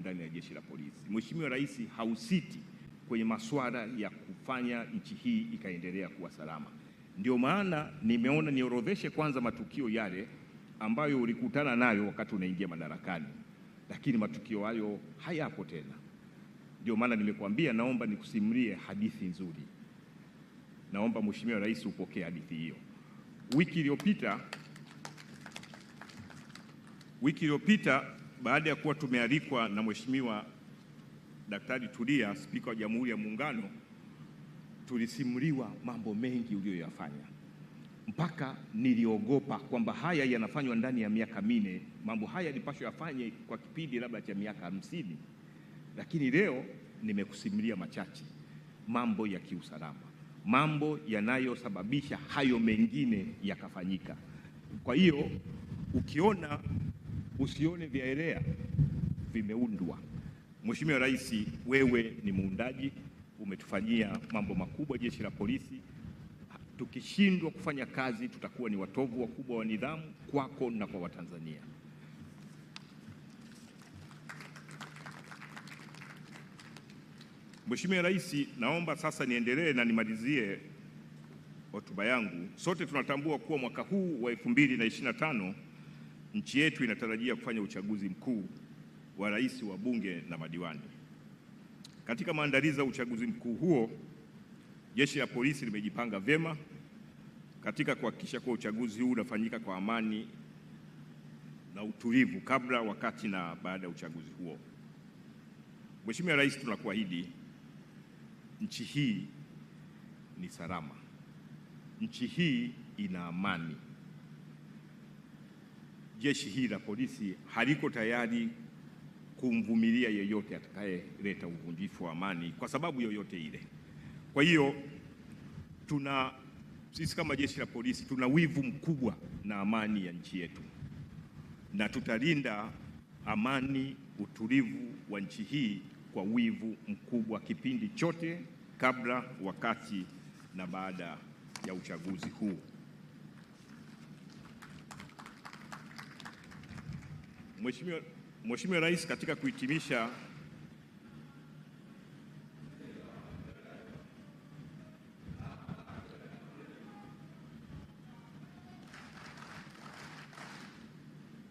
ndani ya jeshi la polisi. Mheshimiwa Rais hausiti kwenye masuala ya kufanya nchi hii ikaendelea kuwa salama. Ndio maana nimeona niorodheshe kwanza matukio yale ambayo ulikutana nayo wakati unaingia madarakani, lakini matukio hayo hayapo tena. Ndio maana nimekuambia, naomba nikusimulie hadithi nzuri. Naomba Mheshimiwa Rais upokee hadithi hiyo. Wiki iliyopita wiki iliyopita baada ya kuwa tumealikwa na Mheshimiwa Daktari Tulia, Spika wa Jamhuri ya Muungano, tulisimuliwa mambo mengi uliyoyafanya mpaka niliogopa kwamba haya yanafanywa ndani ya miaka minne. Mambo haya yalipaswa yafanye kwa kipindi labda cha miaka hamsini, lakini leo nimekusimulia machache, mambo ya kiusalama, mambo yanayosababisha hayo mengine yakafanyika. Kwa hiyo ukiona usione vyaerea vimeundwa. Mheshimiwa Rais, wewe ni muundaji, umetufanyia mambo makubwa jeshi la polisi. Tukishindwa kufanya kazi, tutakuwa ni watovu wakubwa wa nidhamu kwako na kwa Watanzania. Mheshimiwa Rais, naomba sasa niendelee na nimalizie hotuba yangu. Sote tunatambua kuwa mwaka huu wa 2025 Nchi yetu inatarajia kufanya uchaguzi mkuu wa rais, wa bunge na madiwani. Katika maandalizi ya uchaguzi mkuu huo, jeshi la polisi limejipanga vyema katika kuhakikisha kuwa uchaguzi huu unafanyika kwa amani na utulivu, kabla, wakati na baada ya uchaguzi huo. Mheshimiwa Rais, tunakuahidi nchi hii ni salama, nchi hii ina amani jeshi hili la polisi haliko tayari kumvumilia yeyote atakayeleta uvunjifu wa amani kwa sababu yoyote ile. Kwa hiyo tuna sisi kama jeshi la polisi tuna wivu mkubwa na amani ya nchi yetu, na tutalinda amani, utulivu wa nchi hii kwa wivu mkubwa kipindi chote, kabla, wakati na baada ya uchaguzi huu. Mheshimiwa Mheshimiwa Rais, katika kuhitimisha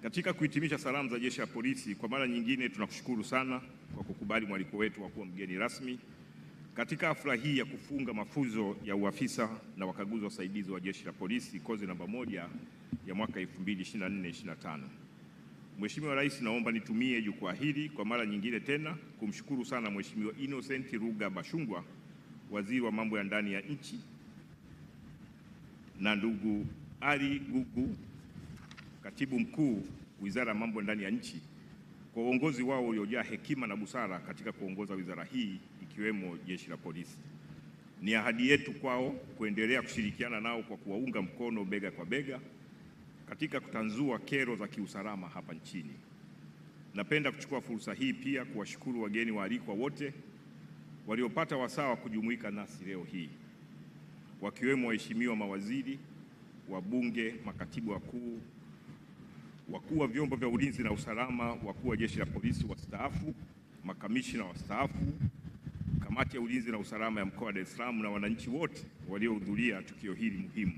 katika kuhitimisha salamu za Jeshi la Polisi, kwa mara nyingine tunakushukuru sana kwa kukubali mwaliko wetu wa kuwa mgeni rasmi katika hafla hii ya kufunga mafunzo ya uafisa na wakaguzi wa usaidizi wa Jeshi la Polisi kozi namba moja ya mwaka 2024/25. Mheshimiwa Rais, naomba nitumie jukwaa hili kwa mara nyingine tena kumshukuru sana Mheshimiwa Innocent Ruga Bashungwa, Waziri wa Mambo ya Ndani ya Nchi, na ndugu Ali Gugu, Katibu Mkuu Wizara ya Mambo ya Ndani ya Nchi, kwa uongozi wao uliojaa hekima na busara katika kuongoza wizara hii ikiwemo Jeshi la Polisi. Ni ahadi yetu kwao kuendelea kushirikiana nao kwa kuwaunga mkono bega kwa bega katika kutanzua kero za kiusalama hapa nchini. Napenda kuchukua fursa hii pia kuwashukuru wageni waalikwa wote waliopata wasaa wa kujumuika nasi leo hii wakiwemo waheshimiwa mawaziri, wabunge, makatibu wakuu, wakuu wa vyombo vya ulinzi na usalama, wakuu wa jeshi la polisi wastaafu, makamishina wastaafu, kamati ya ulinzi na usalama ya mkoa wa Dar es Salaam na wananchi wote waliohudhuria tukio hili muhimu.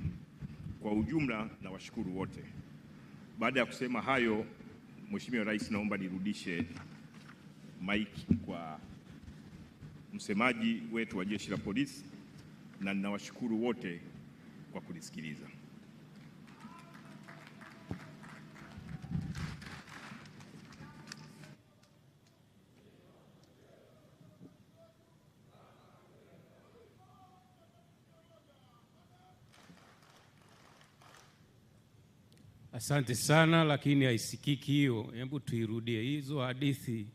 Kwa ujumla na washukuru wote. Baada ya kusema hayo, Mheshimiwa Rais, naomba nirudishe maiki kwa msemaji wetu wa Jeshi la Polisi na ninawashukuru wote kwa kunisikiliza. Asante sana, lakini haisikiki hiyo. Hebu tuirudie. Hizo hadithi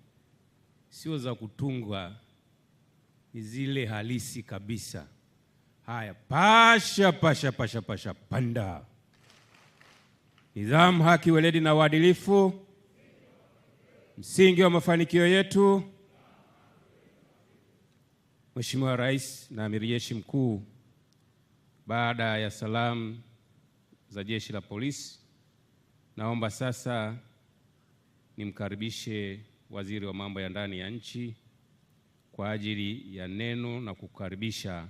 sio za kutungwa ni zile halisi kabisa. Haya, pasha pasha pasha pasha, panda. Nidhamu, haki, weledi na uadilifu msingi wa mafanikio yetu. Mheshimiwa Rais na Amiri Jeshi Mkuu, baada ya salamu za Jeshi la Polisi Naomba sasa nimkaribishe Waziri wa Mambo ya Ndani ya Nchi kwa ajili ya neno na kukaribisha